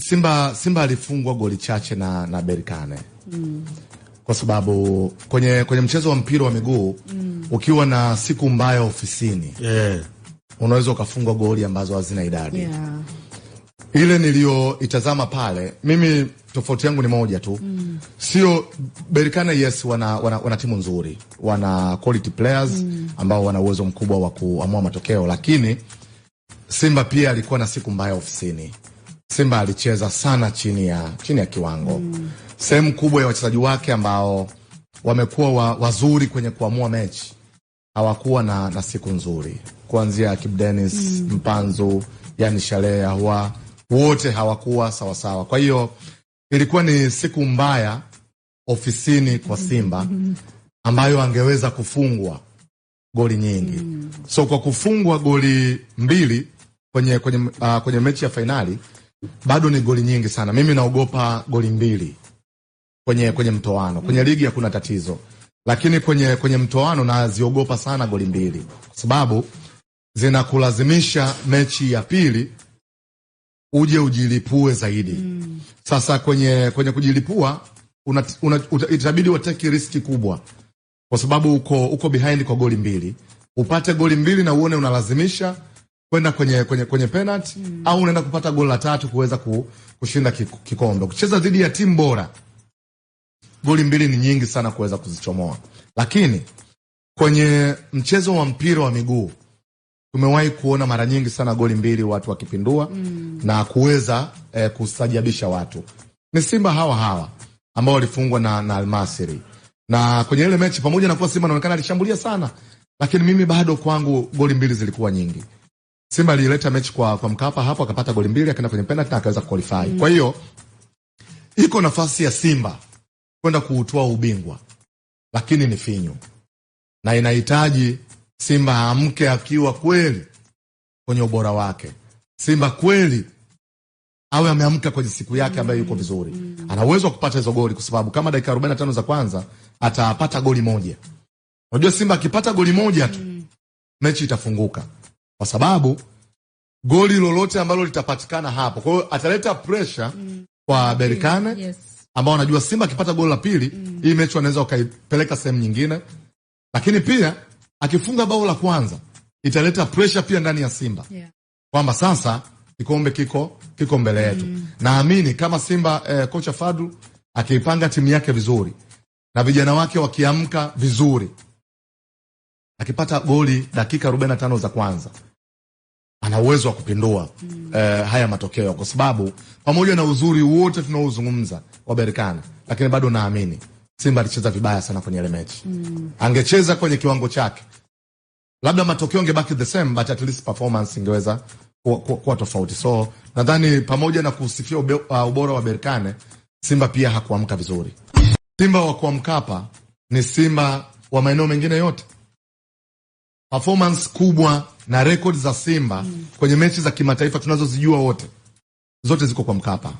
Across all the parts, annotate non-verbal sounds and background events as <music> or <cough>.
Simba Simba alifungwa goli chache na, na Berkane mm. kwa sababu kwenye, kwenye mchezo wa mpira wa miguu mm. ukiwa na siku mbaya ofisini yeah. unaweza ukafungwa goli ambazo hazina idadi yeah. Ile niliyoitazama pale mimi tofauti yangu ni moja tu mm. sio Berkane. Yes, wana, wana, wana timu nzuri, wana quality players mm. ambao wana uwezo mkubwa wa kuamua matokeo, lakini Simba pia alikuwa na siku mbaya ofisini Simba alicheza sana chini ya, chini ya kiwango mm. Sehemu kubwa ya wachezaji wake ambao wamekuwa wa, wazuri kwenye kuamua mechi hawakuwa na, na siku nzuri, kuanzia Kip Dennis mm. Mpanzu, yani Shalehe Ahua, wote hawakuwa sawasawa. Kwa hiyo ilikuwa ni siku mbaya ofisini kwa Simba <laughs> ambayo angeweza kufungwa goli nyingi mm. So kwa kufungwa goli mbili kwenye, kwenye, uh, kwenye mechi ya fainali bado ni goli nyingi sana. Mimi naogopa goli mbili kwenye kwenye mtoano. Kwenye ligi hakuna tatizo, lakini kwenye kwenye mtoano naziogopa sana goli mbili, kwa sababu zinakulazimisha mechi ya pili uje ujilipue zaidi. Mm. Sasa kwenye kwenye kujilipua una, una, itabidi wateki riski kubwa, kwa sababu uko uko behind kwa goli mbili, upate goli mbili na uone unalazimisha kwenda kwenye, kwenye, kwenye penalty mm. au unaenda kupata goli la tatu kuweza kushinda kikombe. Kucheza dhidi ya timu bora, goli mbili ni nyingi sana kuweza kuzichomoa, lakini kwenye mchezo wa mpira wa miguu tumewahi kuona mara nyingi sana goli mbili watu wakipindua mm. na kuweza eh, kusajabisha watu. Ni Simba hawa hawa ambao walifungwa na, na Almasiri na kwenye ile mechi, pamoja na kuwa Simba anaonekana alishambulia sana, lakini mimi bado kwangu goli mbili zilikuwa nyingi. Simba alileta mechi kwa, kwa Mkapa hapo akapata goli mbili akaenda kwenye penalty na akaweza kuqualify. Mm. Kwa hiyo iko nafasi ya Simba kwenda kuutoa ubingwa. Lakini ni finyu. Na inahitaji Simba aamke akiwa kweli kwenye ubora wake. Simba kweli awe ameamka kwenye siku yake ambayo yuko vizuri. Ana uwezo wa kupata hizo goli kwa sababu kama dakika 45 za kwanza atapata goli moja. Unajua Simba akipata goli moja tu mechi itafunguka kwa sababu goli lolote ambalo litapatikana hapo, kwa hiyo ataleta pressure mm. kwa Berkane yes. ambao anajua Simba akipata goli la pili mm. hii mechi wanaweza wakaipeleka sehemu nyingine, lakini pia akifunga bao la kwanza italeta pressure pia ndani ya Simba yeah. kwamba sasa kikombe kiko kiko mbele yetu mm. Naamini kama Simba eh, kocha Fadlu akiipanga timu yake vizuri na vijana wake wakiamka vizuri, akipata goli dakika 45 za kwanza ana uwezo wa kupindua mm. eh, haya matokeo, kwa sababu pamoja na uzuri wote tunaozungumza wa Berkane, lakini bado naamini Simba alicheza vibaya sana kwenye ile mechi mm. angecheza kwenye kiwango chake, labda matokeo angebaki the same, but at least performance ingeweza kuwa, kuwa, kuwa tofauti. So nadhani pamoja na kusifia ube, uh, ubora wa Berkane, Simba pia hakuamka vizuri. Simba wa kuamkapa ni Simba wa maeneo mengine yote, performance kubwa na record za Simba mm. kwenye mechi za kimataifa tunazozijua wote zote ziko kwa Mkapa.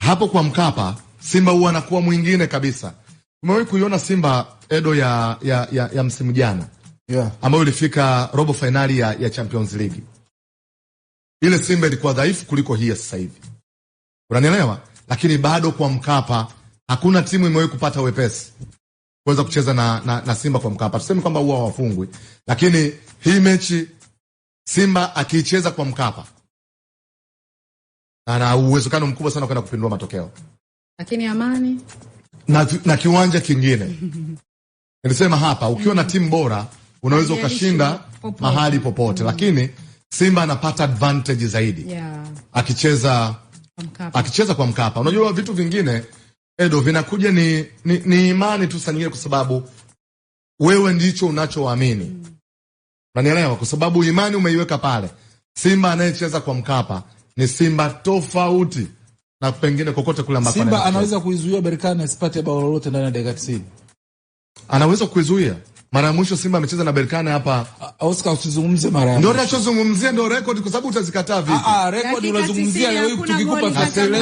Hapo kwa Mkapa Simba huwa anakuwa mwingine kabisa. Umewahi kuiona Simba Edo ya, ya, ya, ya msimu jana yeah. ambayo ilifika robo fainali ya, ya Champions League. Ile Simba ilikuwa dhaifu kuliko hii ya sasa hivi, unanielewa? Lakini bado kwa Mkapa hakuna timu imewahi kupata wepesi kuweza kucheza na, na, na Simba kwa Mkapa. Tuseme kwamba huwa hawafungwi, lakini hii mechi Simba akiicheza kwa Mkapa ana uwezekano mkubwa sana kwenda kupindua matokeo, lakini Amani na, na kiwanja kingine <laughs> nilisema hapa, ukiwa na timu bora unaweza ukashinda mahali popote, mm. lakini Simba anapata advantage zaidi yeah, akicheza Akicheza kwa Mkapa, unajua vitu vingine Edo vinakuja ni, ni, ni imani tu saa nyingine, kwa sababu wewe ndicho unachoamini mm. Unanielewa? Kwa sababu imani umeiweka pale. Simba anayecheza kwa Mkapa ni Simba tofauti na pengine kokote kule ambako Simba anaweza kuizuia Berkane asipate bao lolote ndani ya dakika 90. Anaweza kuizuia mara ya mwisho Simba amecheza na Berkane hapa. Ah, Oscar, usizungumzie mara. Ndio nachozungumzia ndio record kwa sababu utazikataa vipi? Ah, ah record unazungumzia leo hivi tukikupa sasa hivi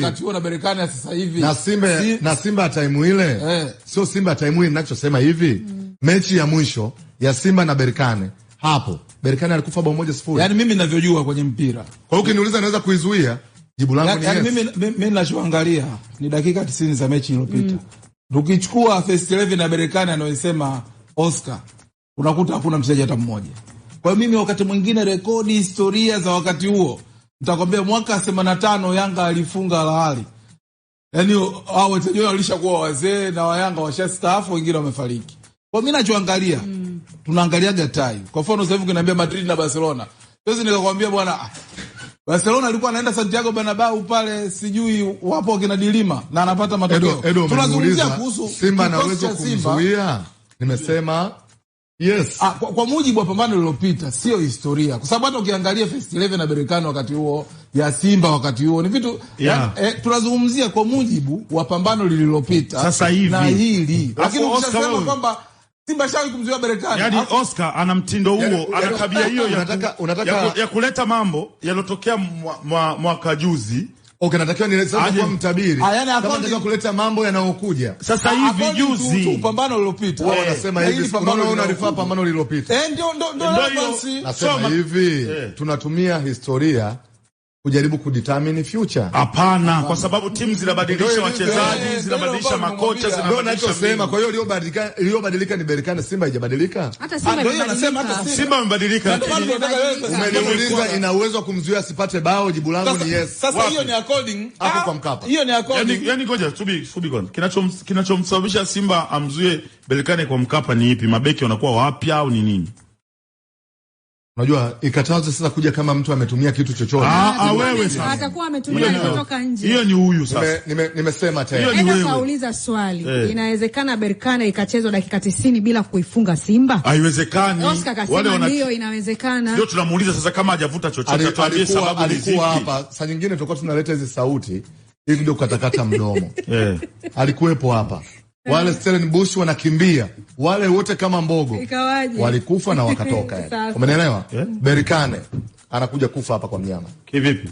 wakati huo na Berkane sasa hivi. Na Simba na Simba time ile. Eh. Sio Simba time ile ninachosema hivi. Mm. Mechi ya mwisho ya Simba na Berkane hapo. Berkane alikufa bao moja sifuri. Yaani mimi ninavyojua kwenye mpira. Kwa hiyo ukiniuliza naweza kuizuia Jibu langu ni yaani yes. Mimi mimi ninachoangalia ni dakika 90 za mechi iliyopita. Mm. Ukichukua first 11 ya Marekani anayosema Oscar, unakuta hakuna mchezaji hata mmoja. Kwa hiyo mimi wakati mwingine rekodi historia za wakati huo, nitakwambia mwaka 85 Yanga alifunga Al Ahly. Yaani hao wachezaji wao walishakuwa wazee na wa Yanga washastaafu, wengine wamefariki. Kwa mimi nachoangalia, mm, tunaangaliaga tai. Kwa mfano sasa hivi ukiniambia Madrid na Barcelona, siwezi nikakwambia bwana ah, Barcelona alikuwa anaenda Santiago Bernabeu pale, sijui wapo akina Dilima na anapata matokeo. Tunazungumzia kuhusu Simba na uwezo kumzuia. Nimesema yes. A, ah, kwa, kwa mujibu wa pambano lililopita, sio historia, kwa sababu hata ukiangalia first 11 na Berkane wakati huo ya Simba wakati huo ni vitu yeah. Eh, tunazungumzia kwa mujibu wa pambano lililopita sasa hivi na hili, lakini ukisema kwamba Simba shawi kumzuia Berkane. Yaani Oscar ana mtindo huo, yaani- ana yaani- tabia hiyo ya, yaani- unataka, unataka... ya, ya kuleta mambo yalotokea mwaka mwa, mwa juzi. Okay, natakiwa ni sasa kuwa mtabiri. Ah, Yaani akaanza kuleta mambo yanayokuja. Sasa ah, hivi juzi tu pambano lililopita. Wao wanasema eh, hivi pambano una rifa pambano lililopita. Eh, ndio ndio ndio. Nasema hivi eh. tunatumia historia kujaribu kudetermine future. Hapana, kwa sababu timu zinabadilisha wachezaji, eh, zinabadilisha makocha, zinabadilisha sema. Kwa hiyo iliyobadilika iliyobadilika ni Berkane, Simba haijabadilika. Hata Simba ah, anasema hata Simba amebadilika. Umeniuliza ina uwezo kumzuia asipate bao, jibu langu ni yes. Sasa hiyo ni according hapo ah, kwa Mkapa. Hiyo ni according. Yaani yaani ngoja subi subi kwanza. Kinachom kinachomsababisha Simba amzuie Berkane kwa Mkapa ni ipi? Mabeki wanakuwa wapya au ni nini? Unajua ikataza sasa kuja kama mtu ametumia kitu chochote. Ah, ah wewe sasa. Atakuwa ametumia kutoka nje. Hiyo ni huyu sasa. Nimesema Nime nime tena. Nenda kauliza swali. Hey. Eh. Inawezekana Berkane ikachezwa dakika 90 bila kuifunga Simba? Haiwezekani. Wale wana hiyo inawezekana. Ndio tunamuuliza sasa kama hajavuta chochote atuambie sababu alikuwa hapa. Saa nyingine tulikuwa tunaleta hizi sauti ili ndio kukatakata mdomo. <laughs> Eh. Alikuwepo hapa wale Stellenbosch wanakimbia wale wote kama mbogo walikufa na wakatoka yani. <laughs> Umenielewa? yeah. Berikane anakuja kufa hapa kwa mnyama kivipi?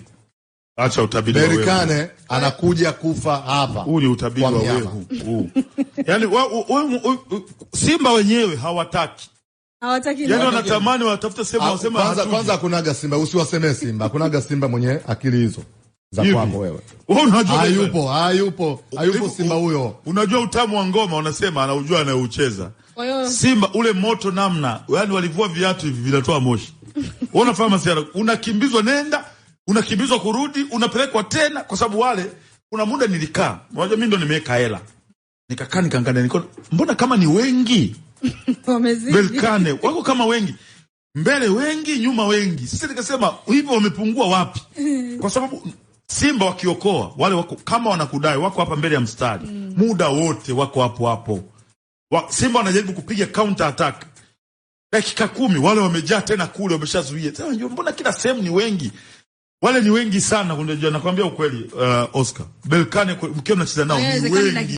Acha utabiri wewe. Berikane anakuja kufa hapa. Huu ni utabiri wa wewe huu. Yaani Simba wenyewe hawataki. Hawataki. Yaani wanatamani watafute sehemu ah, wasema kwanza kwanza kunaga Simba usiwaseme Simba. Kunaga Simba mwenye akili hizo za kwako wewe. unajua hayupo, hayupo, hayupo Simba huyo. Unajua utamu wa ngoma unasema anaujua anayeucheza. Simba ule moto namna, yani walivua viatu hivi vinatoa moshi. Wewe unafahamu si unakimbizwa nenda, unakimbizwa kurudi, unapelekwa tena kwa sababu wale kuna muda nilikaa. Unajua mimi ndo nimeweka hela. Nikakaa nikaangalia niko mbona kama ni wengi? <laughs> Wamezidi. Belkane, wako kama wengi mbele wengi nyuma wengi. Sisi nikasema hivyo wamepungua wapi? <laughs> Kwa sababu Simba wakiokoa wale wako, kama wanakudai wako hapa mbele ya mstari mm. muda wote wako hapo hapo wa, Simba wanajaribu kupiga counter attack dakika kumi, wale wamejaa tena kule, wameshazuia sasa. Ndio mbona kila sehemu ni wengi, wale ni wengi sana. Nakwambia ukweli, uh, Oscar Belkane mkiwa mnacheza nao ni wengi.